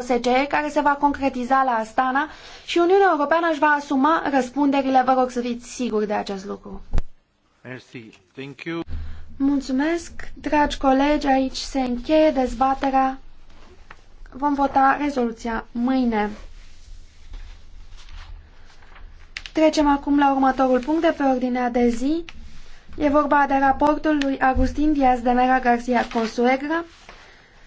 OSCE care se va concretiza la Astana și Uniunea Europeană își va asuma răspunderile. Vă rog să fiți siguri de acest lucru. Mulțumesc, dragi colegi, aici se încheie dezbaterea. Vom vota rezoluția mâine. Trecem acum la următorul punct de pe ordinea de zi. E vorba de raportul lui Agustin Diaz de Mera Garcia Consuegra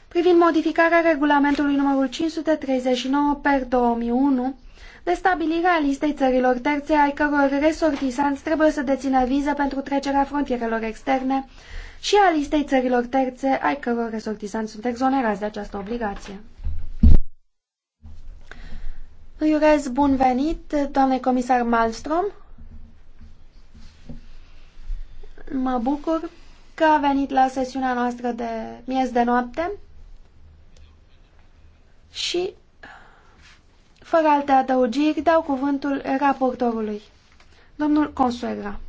privind modificarea regulamentului numărul 539 per 2001 de stabilire a listei țărilor terțe ai căror resortisanți trebuie să dețină viză pentru trecerea frontierelor externe și a listei țărilor terțe ai căror resortisanți sunt exonerați de această obligație. Îi urez bun venit, doamne comisar Malmström. Mă bucur că a venit la sesiunea noastră de miez de noapte și, fără alte adăugiri, dau cuvântul raportorului. Domnul Consuegra.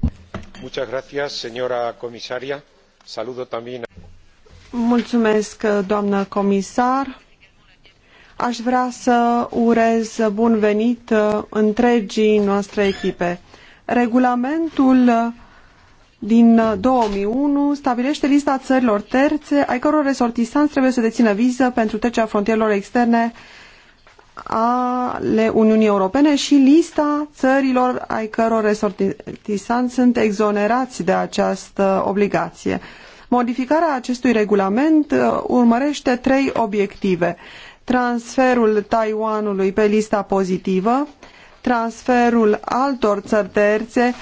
Muchas gracias, señora comisaria. Saludo también. Mulțumesc, doamnă comisar. Aș vrea să urez bun venit uh, întregii noastre echipe. Regulamentul din 2001 uh, stabilește lista țărilor terțe ai căror resortisanți trebuie să dețină viză pentru trecerea frontierelor externe ale Uniunii Europene și lista țărilor ai căror resortisanți sunt exonerați de această obligație. Modificarea acestui regulament uh, urmărește trei obiective. Transferul Taiwanului pe lista pozitivă, transferul altor țări terțe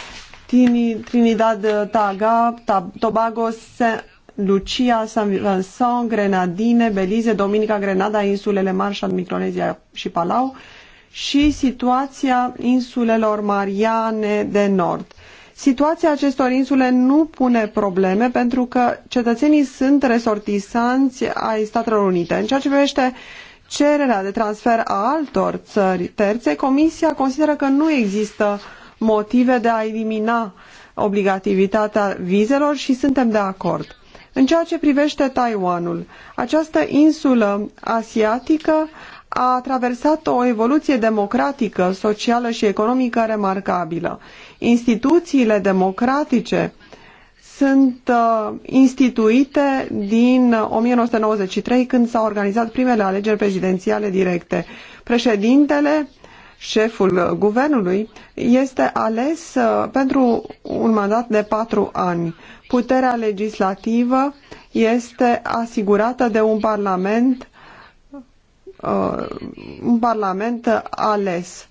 Trinidad, eh, Taga, Tobago, Saint Lucia, San Vincent, Grenadine, Belize, Dominica, Grenada, insulele Marshall, Micronezia și Palau și situația insulelor Mariane de Nord. Situația acestor insule nu pune probleme pentru că cetățenii sunt resortisanți ai Statelor Unite. În ceea ce privește cererea de transfer a altor țări terțe, Comisia consideră că nu există uh, motive de a elimina obligativitatea vizelor și suntem de acord. În ceea ce privește Taiwanul, această insulă asiatică a traversat o evoluție democratică, socială și economică remarcabilă. Instituțiile democratice sunt uh, instituite din 1993 când s-au organizat primele alegeri prezidențiale directe. Președintele șeful guvernului, este ales uh, pentru un mandat de patru ani. Puterea legislativă este asigurată de un parlament, uh, un parlament ales.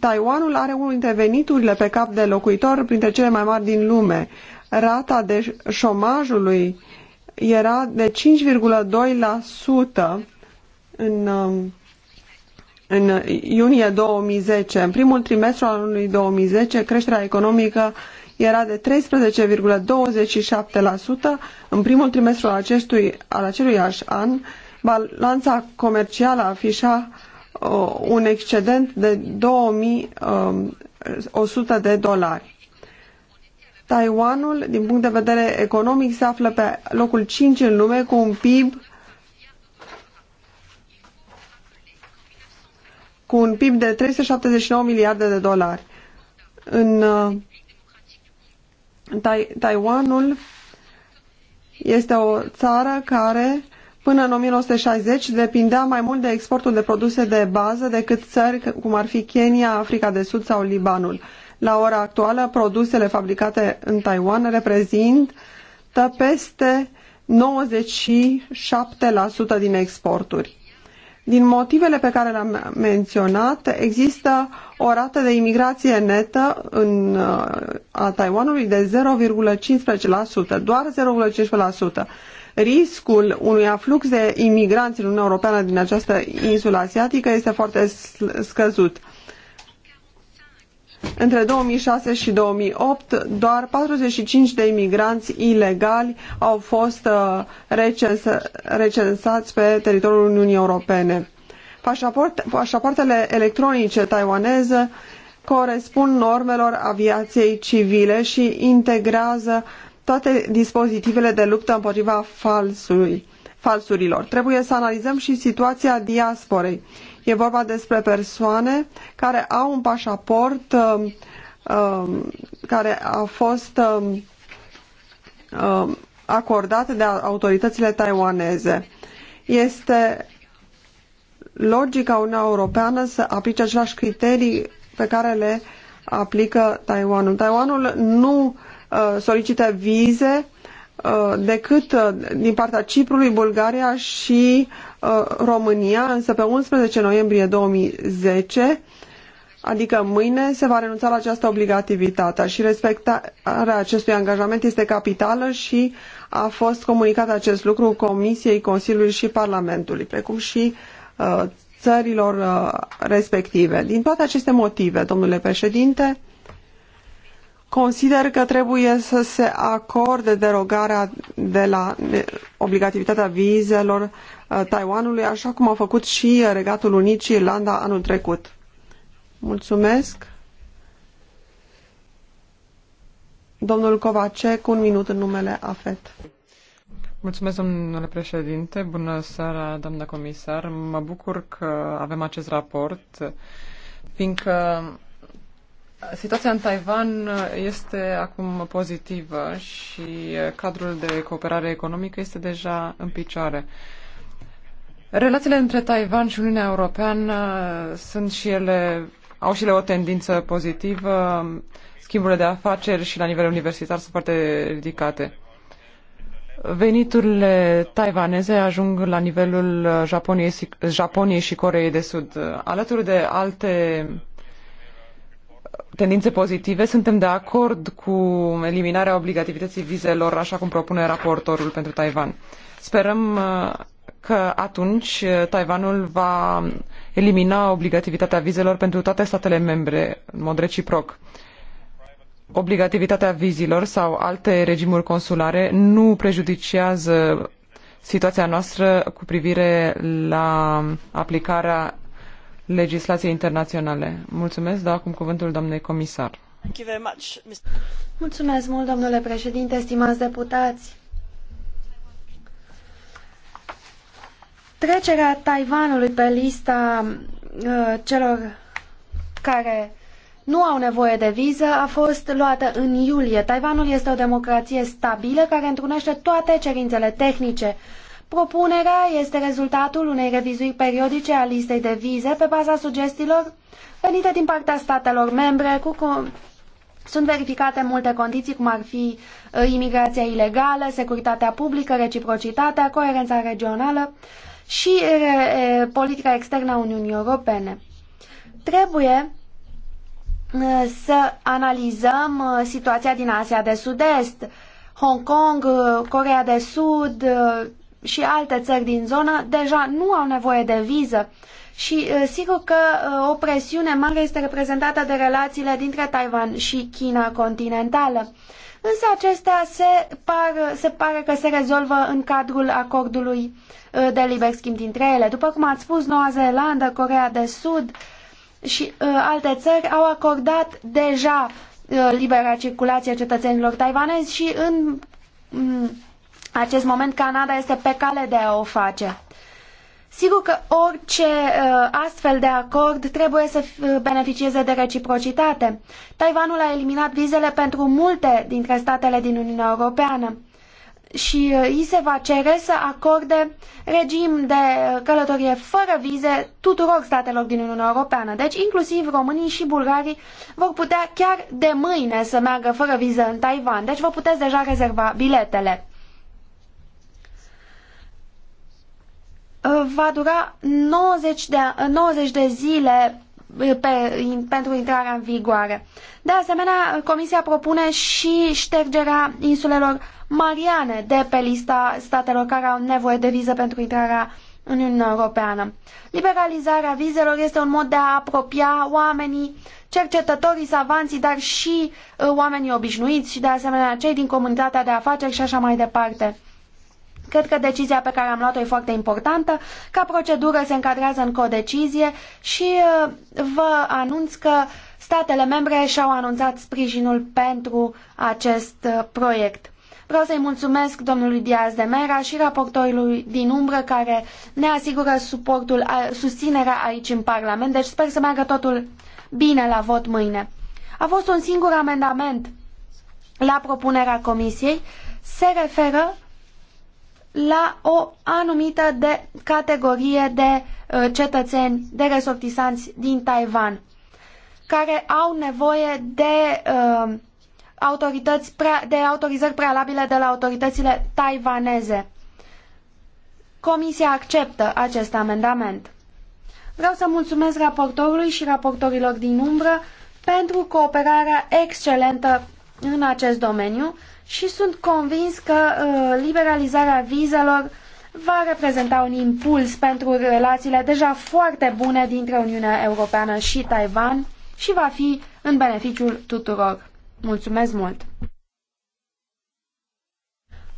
Taiwanul are unul dintre veniturile pe cap de locuitor printre cele mai mari din lume. Rata de șomajului era de 5,2% în um, în iunie 2010, în primul trimestru al anului 2010, creșterea economică era de 13,27%. În primul trimestru al, acestui, al acelui an, balanța comercială afișa uh, un excedent de 2100 um, de dolari. Taiwanul, din punct de vedere economic, se află pe locul 5 în lume cu un PIB cu un PIB de 379 miliarde de dolari. În uh, Taiwanul este o țară care până în 1960 depindea mai mult de exportul de produse de bază decât țări cum ar fi Kenya, Africa de Sud sau Libanul. La ora actuală, produsele fabricate în Taiwan reprezintă peste 97% din exporturi. Din motivele pe care le-am menționat, există o rată de imigrație netă în, uh, a Taiwanului de 0,15%, doar 0,15%. Riscul unui aflux de imigranți în Uniunea Europeană din această insulă asiatică este foarte scăzut. Între 2006 și 2008, doar 45 de imigranți ilegali au fost uh, recensați pe teritoriul Uniunii Europene. Pașapoartele electronice taiwaneze corespund normelor aviației civile și integrează toate dispozitivele de luptă împotriva falsului, falsurilor. Trebuie să analizăm și situația diasporei. E vorba despre persoane care au un pașaport um, um, care a fost um, acordat de autoritățile taiwaneze. Este logica Uniunea Europeană să aplice același criterii pe care le aplică Taiwanul. Taiwanul nu uh, solicită vize uh, decât uh, din partea Ciprului, Bulgaria și Uh, România, însă pe 11 noiembrie 2010 Adică mâine se va renunța la această obligativitate și respectarea acestui angajament este capitală și a fost comunicat acest lucru Comisiei, Consiliului și Parlamentului, precum și uh, țărilor uh, respective. Din toate aceste motive, domnule președinte, consider că trebuie să se acorde derogarea de la obligativitatea vizelor uh, Taiwanului, așa cum a făcut și Regatul Unit și Irlanda anul trecut. Mulțumesc. Domnul Covacec, un minut în numele AFET. Mulțumesc, domnule președinte. Bună seara, doamna comisar. Mă bucur că avem acest raport, fiindcă Situația în Taiwan este acum pozitivă și cadrul de cooperare economică este deja în picioare. Relațiile între Taiwan și Uniunea Europeană sunt și ele, au și ele o tendință pozitivă. Schimburile de afaceri și la nivel universitar sunt foarte ridicate. Veniturile taiwaneze ajung la nivelul Japoniei, și Coreei de Sud. Alături de alte tendințe pozitive. Suntem de acord cu eliminarea obligativității vizelor, așa cum propune raportorul pentru Taiwan. Sperăm uh, că atunci uh, Taiwanul va elimina obligativitatea vizelor pentru toate statele membre, în mod reciproc. Obligativitatea vizilor sau alte regimuri consulare nu prejudiciază situația noastră cu privire la aplicarea legislației internaționale. Mulțumesc, dau acum cuvântul doamnei comisar. Mulțumesc mult, domnule președinte, stimați deputați. Trecerea Taiwanului pe lista uh, celor care nu au nevoie de viză a fost luată în iulie. Taiwanul este o democrație stabilă care întrunește toate cerințele tehnice. Uh, Propunerea este rezultatul unei revizuiri periodice a listei de vize pe baza sugestiilor venite din partea statelor membre cu sunt verificate multe condiții, cum ar fi uh, imigrația ilegală, securitatea publică, reciprocitatea, coerența regională și uh, uh, politica externă a Uniunii Europene. Trebuie să analizăm situația din Asia de Sud-Est, Hong Kong, Corea de Sud, și alte țări din zonă deja nu au nevoie de viză și uh, sigur că uh, o presiune mare este reprezentată de relațiile dintre Taiwan și China continentală. Însă acestea se, par, se pare că se rezolvă în cadrul acordului uh, de liber schimb dintre ele. După cum ați spus, Noua Zeelandă, Coreea de Sud și uh, alte țări au acordat deja uh, libera circulație cetățenilor taiwanezi și în um, acest moment Canada este pe cale de a o face. Sigur că orice uh, astfel de acord trebuie să uh, beneficieze de reciprocitate. Taiwanul a eliminat vizele pentru multe dintre statele din Uniunea Europeană și uh, i se va cere să acorde regim de călătorie fără vize tuturor statelor din Uniunea Europeană. Deci inclusiv românii și bulgarii vor putea chiar de mâine să meargă fără viză în Taiwan. Deci vă puteți deja rezerva biletele. Uh, va dura 90 de, 90 uh, de zile uh, pe, pentru intrarea în vigoare. De asemenea, Comisia propune și ștergerea insulelor Mariane de pe lista statelor care au nevoie de viză pentru intrarea în Uniunea Europeană. Liberalizarea vizelor este un mod de a apropia oamenii, cercetătorii, savanții, dar și oamenii obișnuiți și de asemenea cei din comunitatea de afaceri și așa mai departe. Cred că decizia pe care am luat-o e foarte importantă. Ca procedură se încadrează în codecizie și uh, vă anunț că statele membre și-au anunțat sprijinul pentru acest uh, proiect. Vreau să-i mulțumesc domnului Diaz de Mera și raportorului din umbră care ne asigură suportul, susținerea aici în Parlament, deci sper să meargă totul bine la vot mâine. A fost un singur amendament la propunerea Comisiei, se referă la o anumită de categorie de uh, cetățeni, de resortisanți din Taiwan, care au nevoie de, uh, autorități prea, de autorizări prealabile de la autoritățile taiwaneze. Comisia acceptă acest amendament. Vreau să mulțumesc raportorului și raportorilor din umbră pentru cooperarea excelentă în acest domeniu și sunt convins că uh, liberalizarea vizelor va reprezenta un impuls pentru relațiile deja foarte bune dintre Uniunea Europeană și Taiwan și va fi în beneficiul tuturor. Mulțumesc mult!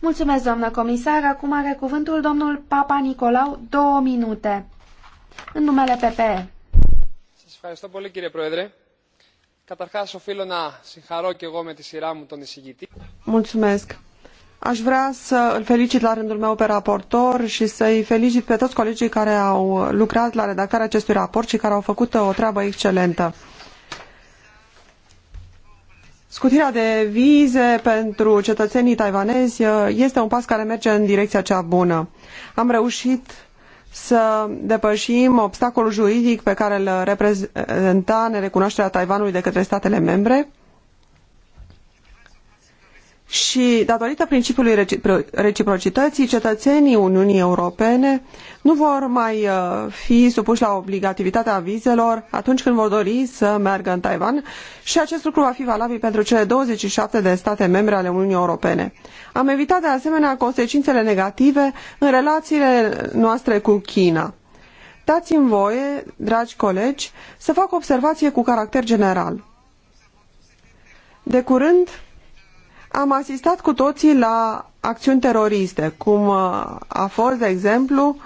Mulțumesc, doamnă comisar. Acum are cuvântul domnul Papa Nicolau, două minute. În numele PPE. Mulțumesc, Mulțumesc. Aș vrea să îl felicit la rândul meu pe raportor și să-i felicit pe toți colegii care au lucrat la redactarea acestui raport și care au făcut o treabă excelentă. Scutirea de vize pentru cetățenii taiwanezi este un pas care merge în direcția cea bună. Am reușit să depășim obstacolul juridic pe care îl reprezenta nerecunoașterea Taiwanului de către statele membre și datorită principiului reciprocității, cetățenii Uniunii Europene nu vor mai uh, fi supuși la obligativitatea vizelor atunci când vor dori să meargă în Taiwan și acest lucru va fi valabil pentru cele 27 de state membre ale Uniunii Europene. Am evitat de asemenea consecințele negative în relațiile noastre cu China. Dați-mi voie, dragi colegi, să fac observație cu caracter general. De curând, am asistat cu toții la acțiuni teroriste, cum uh, a fost, de exemplu,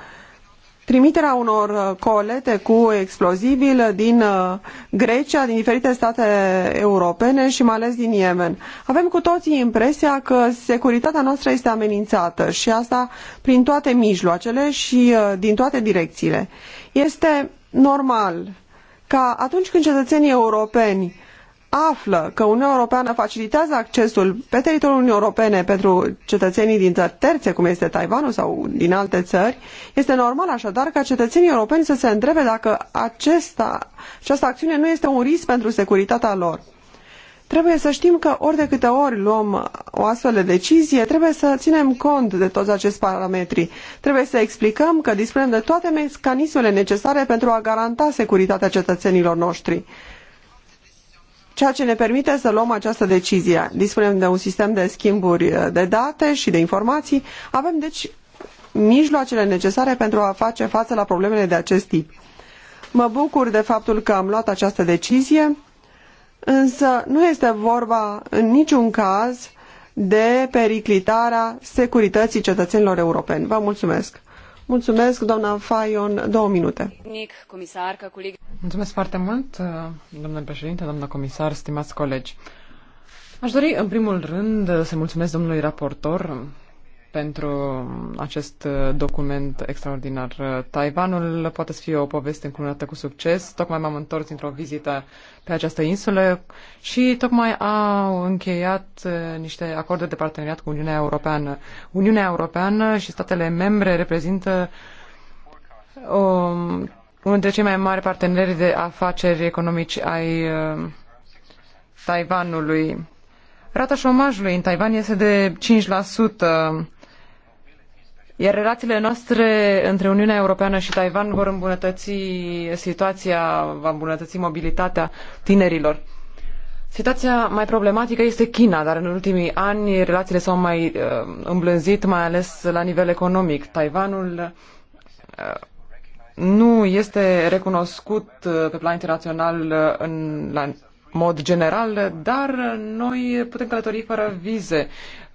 trimiterea unor uh, colete cu explozibil din uh, Grecia, din diferite state europene și mai ales din Yemen. Avem cu toții impresia că securitatea noastră este amenințată și asta prin toate mijloacele și din toate direcțiile. Este normal ca atunci când cetățenii europeni află că Uniunea Europeană facilitează accesul pe teritoriul Uniunii Europene pentru cetățenii din țări terțe, cum este Taiwanul sau din alte țări, este normal așadar ca cetățenii europeni să se întrebe dacă acesta, această acțiune nu este un risc pentru securitatea lor. Trebuie să știm că ori de câte ori luăm o astfel de decizie, trebuie să ținem cont de toți acești parametri. Trebuie să explicăm că dispunem de toate mecanismele necesare pentru a garanta securitatea cetățenilor noștri ceea ce ne permite să luăm această decizie. Dispunem de un sistem de schimburi de date și de informații, avem deci mijloacele necesare pentru a face față la problemele de acest tip. Mă bucur de faptul că am luat această decizie, însă nu este vorba în niciun caz de periclitarea securității cetățenilor europeni. Vă mulțumesc! Mulțumesc, doamna Fayon, două minute. Mulțumesc foarte mult, domnule președinte, doamna comisar, stimați colegi. Aș dori, în primul rând, să mulțumesc domnului raportor pentru acest document extraordinar. Taiwanul poate să fie o poveste încununată cu succes. Tocmai m-am întors într-o vizită pe această insulă și tocmai au încheiat eh, niște acorduri de parteneriat cu Uniunea Europeană. Uniunea Europeană și statele membre reprezintă o, um, unul dintre cei mai mari parteneri de afaceri economici ai eh, Taiwanului. Rata șomajului în Taiwan este de 5%, iar relațiile noastre între Uniunea Europeană și Taiwan vor îmbunătăți situația, va îmbunătăți mobilitatea tinerilor. Situația mai problematică este China, dar în ultimii ani relațiile s-au mai uh, îmblânzit, mai ales la nivel economic. Taiwanul uh, nu este recunoscut uh, pe plan internațional uh, în la mod general, dar uh, noi putem călători fără vize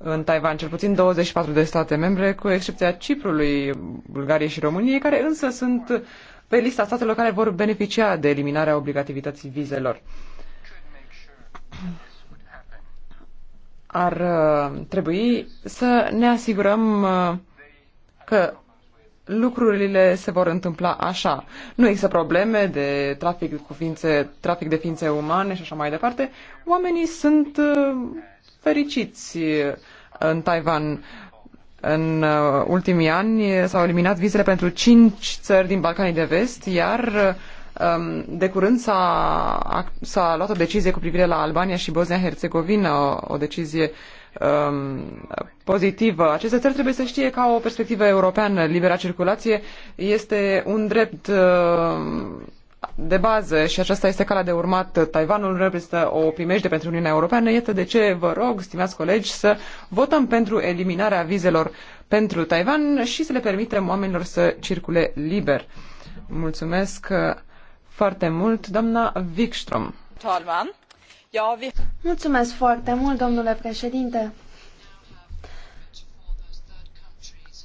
în Taiwan, cel puțin 24 de state membre, cu excepția Ciprului, Bulgariei și României, care însă sunt pe lista statelor care vor beneficia de eliminarea obligativității vizelor. Ar uh, trebui să ne asigurăm uh, că lucrurile se vor întâmpla așa. Nu există probleme de trafic, cu ființe, trafic de ființe umane și așa mai departe. Oamenii sunt uh, fericiți eh, în Taiwan. În eh, ultimii ani s-au eliminat vizele pentru cinci țări din Balcanii de Vest, iar eh, um, de curând s-a, s-a luat o decizie cu privire la Albania și Bosnia-Herzegovina, o, o decizie um, pozitivă. Aceste țări trebuie să știe că au o perspectivă europeană. Libera circulație este un drept Uh, de bază și aceasta este calea de urmat. Taiwanul reprezintă o primejde pentru Uniunea Europeană. Iată de ce vă rog, stimați colegi, să votăm pentru eliminarea vizelor pentru Taiwan și să le permitem oamenilor să circule liber. Mulțumesc uh, foarte mult, doamna Wikström. Talman. Mulțumesc foarte mult, domnule președinte.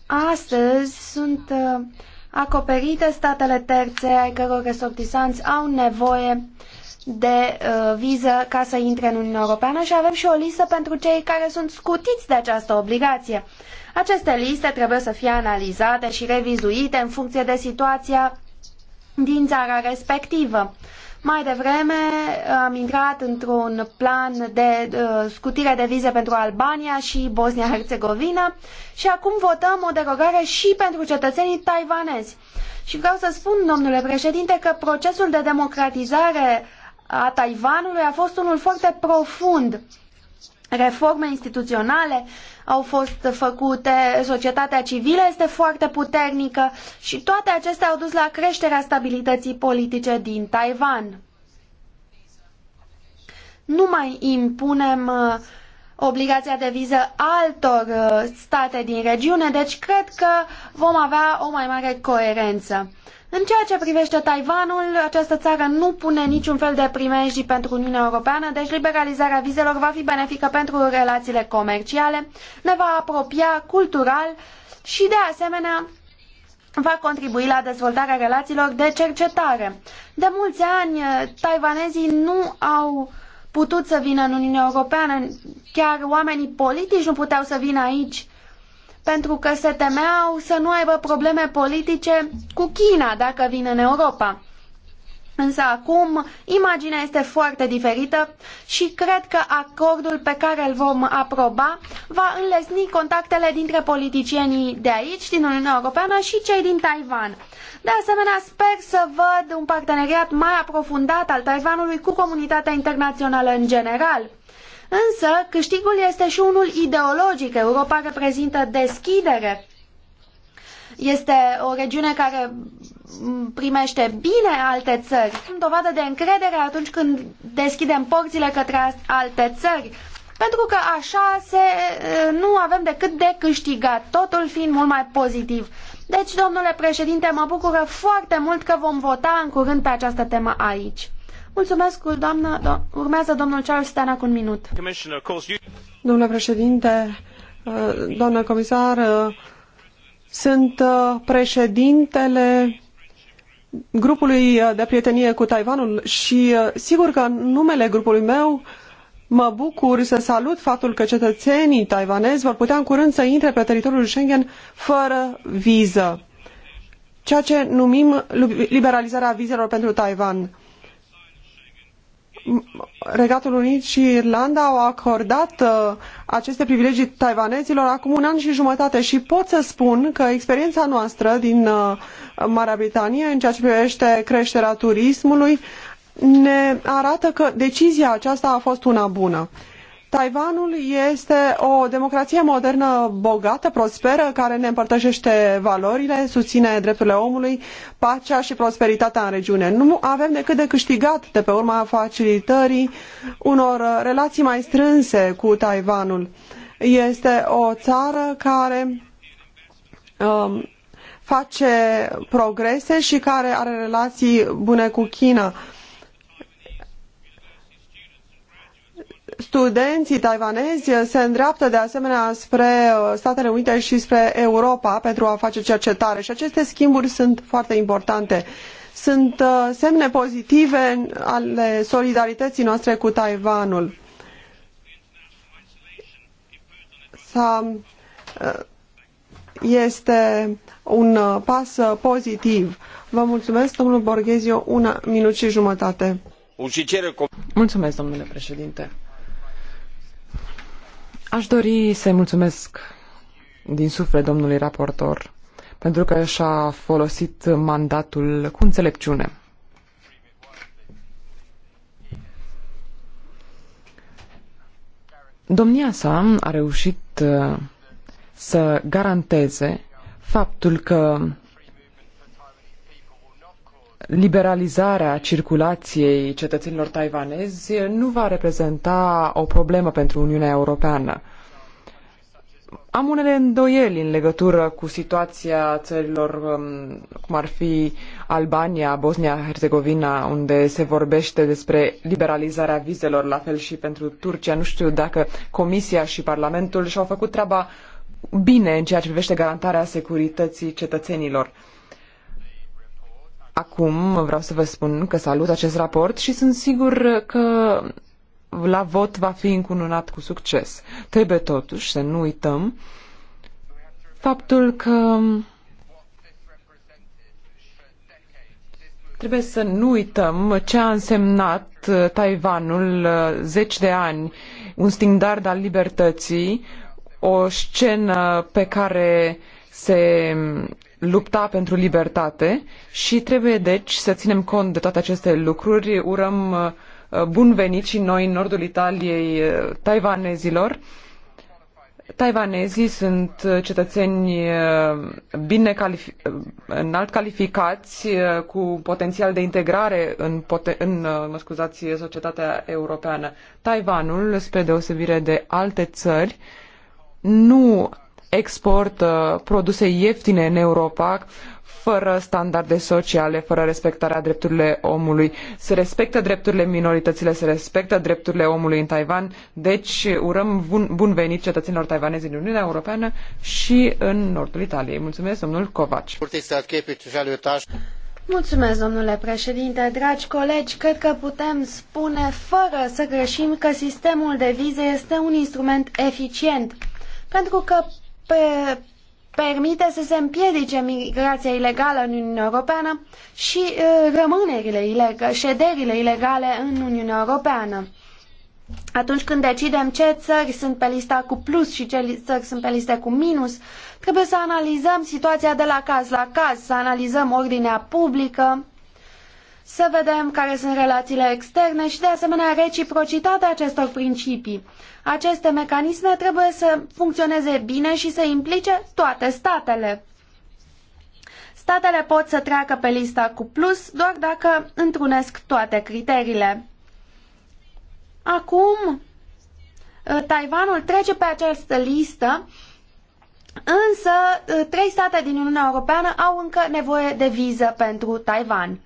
Astăzi sunt uh, acoperite statele terțe ai căror resortisanți au nevoie de uh, viză ca să intre în Uniunea Europeană și avem și o listă pentru cei care sunt scutiți de această obligație. Aceste liste trebuie să fie analizate și revizuite în funcție de situația din țara respectivă. Mai devreme uh, am intrat într-un plan de uh, scutire de vize pentru Albania și Bosnia-Herzegovina și acum votăm o derogare și pentru cetățenii taiwanezi. Și vreau să spun, domnule președinte, că procesul de democratizare a Taiwanului a fost unul foarte profund. Uh, reforme instituționale au fost făcute, societatea civilă este foarte puternică și toate acestea au dus la creșterea stabilității politice din Taiwan. Nu mai impunem uh, obligația de viză altor uh, state din regiune, deci cred că vom avea o mai mare coerență. În ceea ce privește Taiwanul, această țară nu pune niciun fel de primejdii pentru Uniunea Europeană, deci liberalizarea vizelor va fi benefică pentru relațiile comerciale, ne va apropia cultural și, de asemenea, va contribui la dezvoltarea relațiilor de cercetare. De mulți ani, taiwanezii nu au putut să vină în Uniunea Europeană, chiar oamenii politici nu puteau să vină aici pentru că se temeau să nu aibă probleme politice cu China dacă vin în Europa. Însă acum imaginea este foarte diferită și cred că acordul pe care îl vom aproba va înlesni contactele dintre politicienii de aici, din Uniunea Europeană și cei din Taiwan. De asemenea, sper să văd un parteneriat mai aprofundat al Taiwanului cu comunitatea internațională în general Însă, câștigul este și unul ideologic. Europa reprezintă deschidere. Este o regiune care primește bine alte țări. Sunt dovadă de încredere atunci când deschidem porțile către alte țări. Pentru că așa se, nu avem decât de câștigat, totul fiind mult mai pozitiv. Deci, domnule președinte, mă bucură foarte mult că vom vota în curând pe această temă aici. Mulțumesc, doamnă. Do urmează domnul Charles Stanac un minut. Domnule președinte, uh, doamnă comisar, uh, sunt uh, președintele grupului de prietenie cu Taiwanul și sigur că în numele grupului meu mă bucur să salut faptul că cetățenii taiwanezi vor putea în curând să intre pe teritoriul Schengen fără viză, ceea ce numim liberalizarea vizelor pentru Taiwan. Regatul Unit și Irlanda au acordat uh, aceste privilegii taiwanezilor acum un an și jumătate și pot să spun că experiența noastră din uh, Marea Britanie în ceea ce privește creșterea turismului ne arată că decizia aceasta a fost una bună. Taiwanul este o democrație modernă bogată, prosperă, care ne împărtășește valorile, susține drepturile omului, pacea și prosperitatea în regiune. Nu avem decât de câștigat de pe urma facilitării unor relații mai strânse cu Taiwanul. Este o țară care um, face progrese și care are relații bune cu China Studenții taiwanezi se îndreaptă de asemenea spre uh, Statele Unite și spre Europa pentru a face cercetare și aceste schimburi sunt foarte importante. Sunt uh, semne pozitive ale solidarității noastre cu Taiwanul. Uh, este un pas pozitiv. Vă mulțumesc, domnul Borghezio, una minut și jumătate. Mulțumesc, domnule președinte. Aș dori să-i mulțumesc din suflet domnului raportor pentru că și-a folosit mandatul cu înțelepciune. Domnia sa a reușit uh, să garanteze faptul că liberalizarea circulației cetățenilor taiwanezi nu va reprezenta o problemă pentru Uniunea Europeană. Am unele îndoieli în legătură cu situația țărilor um, cum ar fi Albania, Bosnia-Herzegovina, unde se vorbește despre liberalizarea vizelor, la fel și pentru Turcia. Nu știu dacă Comisia și Parlamentul și-au făcut treaba bine în ceea ce privește garantarea securității cetățenilor. Acum vreau să vă spun că salut acest raport și sunt sigur că la vot va fi încununat cu succes. Trebuie totuși să nu uităm faptul că trebuie să nu uităm ce a însemnat Taiwanul zeci de ani, un standard al libertății, o scenă pe care se lupta pentru libertate și trebuie deci să ținem cont de toate aceste lucruri. Urăm uh, uh, bun venit și noi în nordul Italiei uh, taiwanezilor. Taiwanezii sunt cetățeni bine califi- înalt calificați, cu potențial de integrare în, poten- în mă scuzați, societatea europeană. Taiwanul, spre deosebire de alte țări, nu Export uh, produse ieftine în Europa fără standarde sociale, fără respectarea drepturilor omului. Se respectă drepturile minorităților, se respectă drepturile omului în Taiwan, deci urăm bun, bun venit cetățenilor taiwanezi din Uniunea Europeană și în nordul Italiei. Mulțumesc, domnul Covaci. Mulțumesc, domnule președinte, dragi colegi, cred că putem spune fără să greșim că sistemul de vize este un instrument eficient, pentru că pe, permite să se împiedice migrația ilegală în Uniunea Europeană și uh, rămânerile ilegale, șederile ilegale în Uniunea Europeană. Atunci când decidem ce țări sunt pe lista cu plus și ce țări sunt pe lista cu minus, trebuie să analizăm situația de la caz la caz, să analizăm ordinea publică, să vedem care sunt relațiile externe și, de asemenea, reciprocitatea acestor principii. Aceste mecanisme trebuie să funcționeze bine și să implice toate statele. Statele pot să treacă pe lista cu plus doar dacă întrunesc toate criteriile. Acum, uh, Taiwanul trece pe această listă, însă uh, trei state din Uniunea Europeană au încă nevoie de viză pentru Taiwan.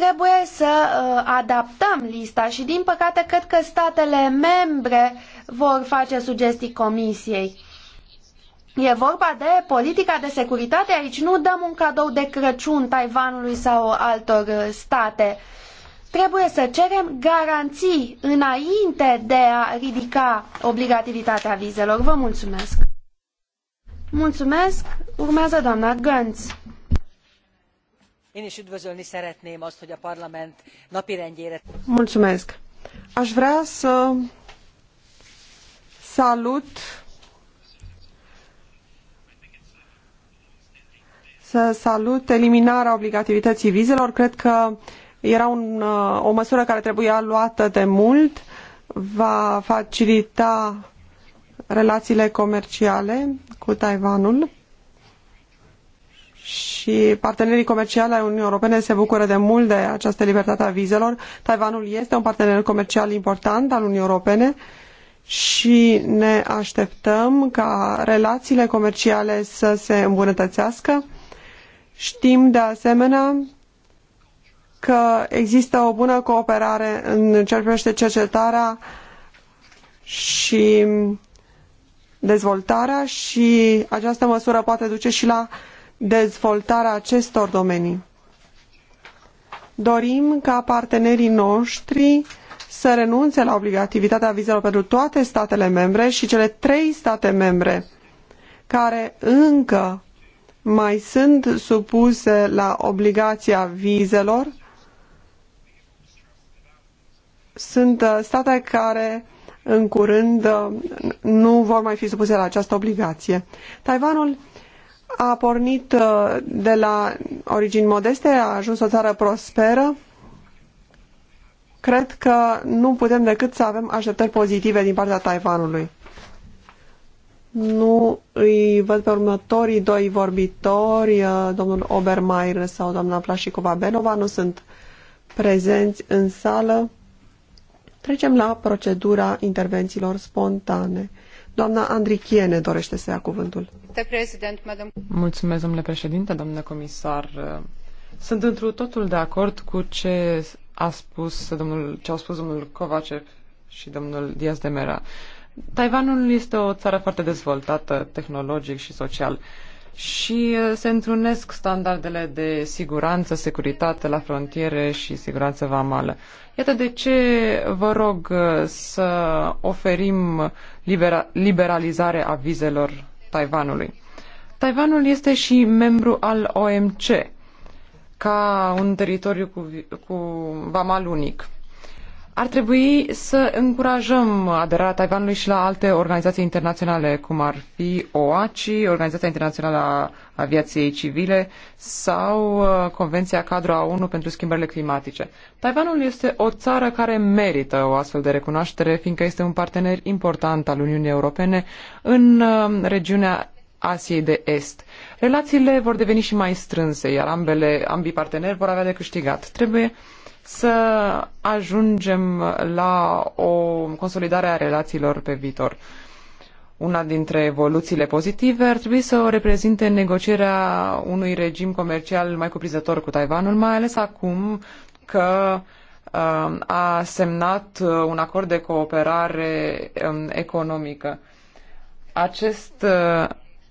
Trebuie să uh, adaptăm lista și, din păcate, cred că statele membre vor face sugestii comisiei. E vorba de politica de securitate, aici nu dăm un cadou de Crăciun Taiwanului sau altor uh, state. Trebuie să cerem garanții înainte de a ridica obligativitatea vizelor. Vă mulțumesc! Mulțumesc! Urmează doamna Gânț én is üdvözölni szeretném azt, hogy a parlament napirendjére... Mulțumesc! Aș vrea să salut să salut eliminarea obligativității vizelor. Cred că era un, o măsură care trebuia luată de mult, va facilita relațiile comerciale cu Taiwanul și partenerii comerciali ai Uniunii Europene se bucură de mult de această libertate a vizelor. Taiwanul este un partener comercial important al Uniunii Europene și ne așteptăm ca relațiile comerciale să se îmbunătățească. Știm de asemenea că există o bună cooperare în ce privește cercetarea și dezvoltarea și această măsură poate duce și la dezvoltarea acestor domenii. Dorim ca partenerii noștri să renunțe la obligativitatea vizelor pentru toate statele membre și cele trei state membre care încă mai sunt supuse la obligația vizelor sunt uh, state care în curând uh, nu vor mai fi supuse la această obligație. Taiwanul a pornit uh, de la origini modeste, a ajuns o țară prosperă. Cred că nu putem decât să avem așteptări pozitive din partea Taiwanului. Nu îi văd pe următorii doi vorbitori, uh, domnul Obermeier sau doamna Plașicova Benova, nu sunt prezenți în sală. Trecem la procedura intervențiilor spontane. Doamna Andrichiene dorește să ia cuvântul. Mulțumesc, domnule președinte, domnule comisar. Sunt întru totul de acord cu ce a spus domnul, ce au spus domnul Kovacev și domnul Diaz de Mera. Taiwanul este o țară foarte dezvoltată tehnologic și social. Uh, și uh, se întrunesc standardele de siguranță, securitate la frontiere și siguranță vamală. Iată de ce vă rog uh, să oferim libera- liberalizare a vizelor Taiwanului. Taiwanul este și membru al OMC ca un teritoriu cu, cu vamal unic. Ar trebui să încurajăm aderarea Taiwanului și la alte organizații internaționale, cum ar fi OACI, Organizația Internațională a Aviației Civile sau uh, Convenția Cadru a ONU pentru schimbările climatice. Taiwanul este o țară care merită o astfel de recunoaștere, fiindcă este un partener important al Uniunii Europene în uh, regiunea Asiei de Est. Relațiile vor deveni și mai strânse, iar ambele, ambii parteneri vor avea de câștigat. Trebuie să ajungem la o consolidare a relațiilor pe viitor. Una dintre evoluțiile pozitive ar trebui să o reprezinte negocierea unui regim comercial mai cuprizător cu Taiwanul, mai ales acum că um, a semnat uh, un acord de cooperare um, economică. Acest uh,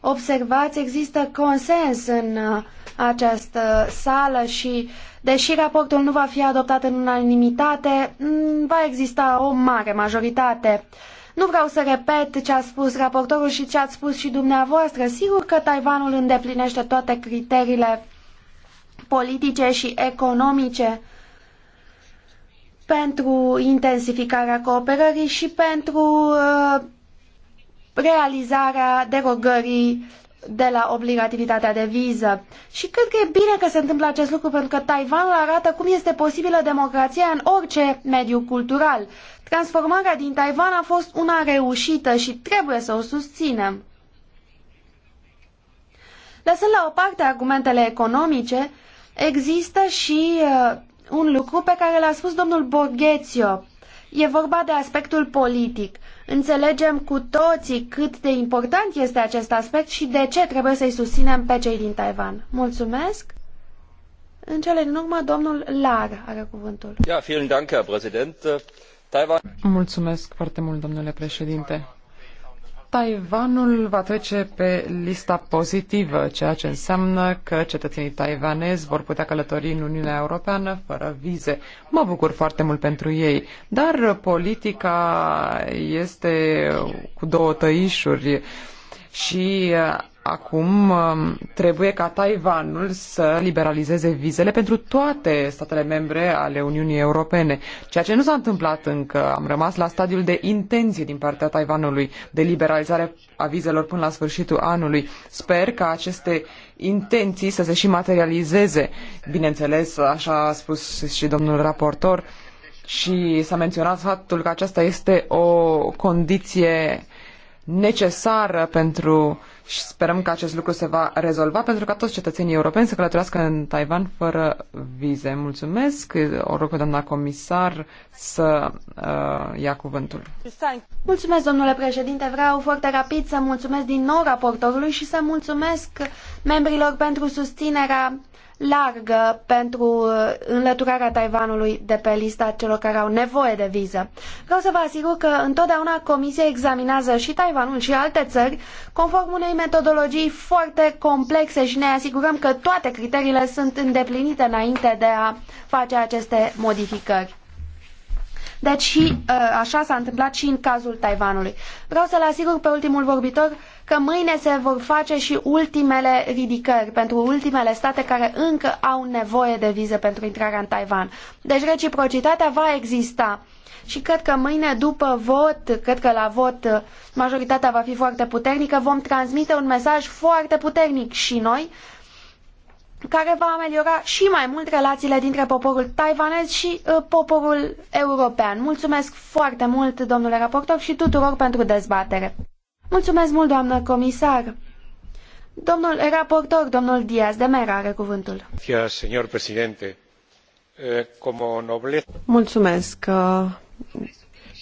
observați, există consens în uh, această sală și, deși raportul nu va fi adoptat în unanimitate, va exista o mare majoritate. Nu vreau să repet ce a spus raportorul și ce ați spus și dumneavoastră. Sigur că Taiwanul îndeplinește toate criteriile politice și economice pentru intensificarea cooperării și pentru uh, realizarea derogării de la obligativitatea de viză. Și cred că e bine că se întâmplă acest lucru, pentru că Taiwanul arată cum este posibilă democrația în orice mediu cultural. Transformarea din Taiwan a fost una reușită și trebuie să o susținem. Lăsând la o parte argumentele economice, există și uh, un lucru pe care l-a spus domnul Borghețio. E vorba de aspectul politic. Înțelegem cu toții cât de important este acest aspect și de ce trebuie să-i susținem pe cei din Taiwan. Mulțumesc! În cele din urmă, domnul Lar are cuvântul. Mulțumesc foarte mult, domnule președinte. Taiwanul va trece pe lista pozitivă, ceea ce înseamnă că cetățenii taiwanezi vor putea călători în Uniunea Europeană fără vize. Mă bucur foarte mult pentru ei, dar politica este cu două tăișuri și Acum um, trebuie ca Taiwanul să liberalizeze vizele pentru toate statele membre ale Uniunii Europene, ceea ce nu s-a întâmplat încă. Am rămas la stadiul de intenție din partea Taiwanului de liberalizare a vizelor până la sfârșitul anului. Sper ca aceste intenții să se și materializeze. Bineînțeles, așa a spus și domnul raportor, și s-a menționat faptul că aceasta este o condiție necesară pentru și sperăm că acest lucru se va rezolva pentru ca toți cetățenii europeni să călătorească în Taiwan fără vize. Mulțumesc. O rog pe doamna comisar să uh, ia cuvântul. Mulțumesc, domnule președinte. Vreau foarte rapid să mulțumesc din nou raportorului și să mulțumesc membrilor pentru susținerea largă pentru uh, înlăturarea Taiwanului de pe lista celor care au nevoie de viză. Vreau să vă asigur că întotdeauna Comisia examinează și Taiwanul și alte țări conform unei metodologii foarte complexe și ne asigurăm că toate criteriile sunt îndeplinite înainte de a face aceste modificări. Deci uh, așa s-a întâmplat și în cazul Taiwanului. Vreau să-l asigur pe ultimul vorbitor că mâine se vor face și ultimele ridicări pentru ultimele state care încă au nevoie de viză pentru intrarea în Taiwan. Deci reciprocitatea va exista. Și cred că mâine după vot, cred că la vot majoritatea va fi foarte puternică, vom transmite un mesaj foarte puternic și noi, care va ameliora și mai mult relațiile dintre poporul taiwanez și uh, poporul european. Mulțumesc foarte mult, domnule raportor, și tuturor pentru dezbatere. Mulțumesc mult, doamnă comisar. Domnul raportor, domnul Diaz de Mera are cuvântul. Eh, Mulțumesc, eh,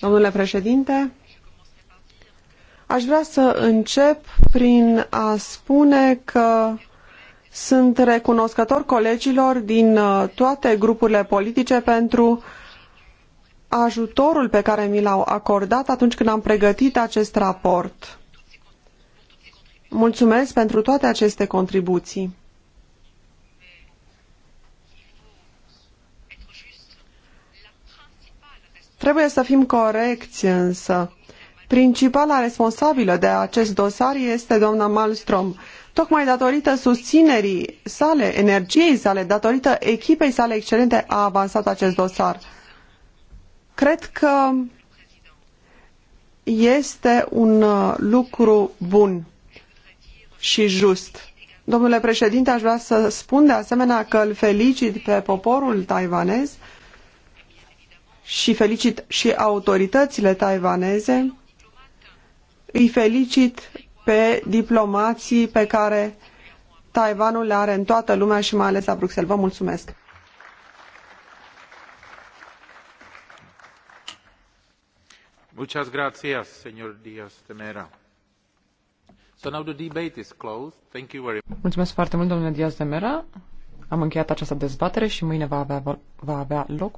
domnule președinte. Aș vrea să încep prin a spune că sunt recunoscător colegilor din eh, toate grupurile politice pentru ajutorul pe care mi l-au acordat atunci când am pregătit acest raport. Mulțumesc pentru toate aceste contribuții. Trebuie să fim corecți însă. Principala responsabilă de acest dosar este doamna Malmström, tocmai datorită susținerii sale, energiei sale, datorită echipei sale excelente a avansat acest dosar. Cred că este un uh, lucru bun și just. Domnule președinte, aș vrea să spun de asemenea că îl felicit pe poporul taiwanez și felicit și autoritățile taiwaneze. Îi felicit pe diplomații pe care Taiwanul le are în toată lumea și mai ales la Bruxelles. Vă mulțumesc! Muchas gracias, señor Díaz Temera. Mulțumesc foarte mult, domnule Diaz de Mera. Am încheiat această dezbatere și mâine va avea, va avea loc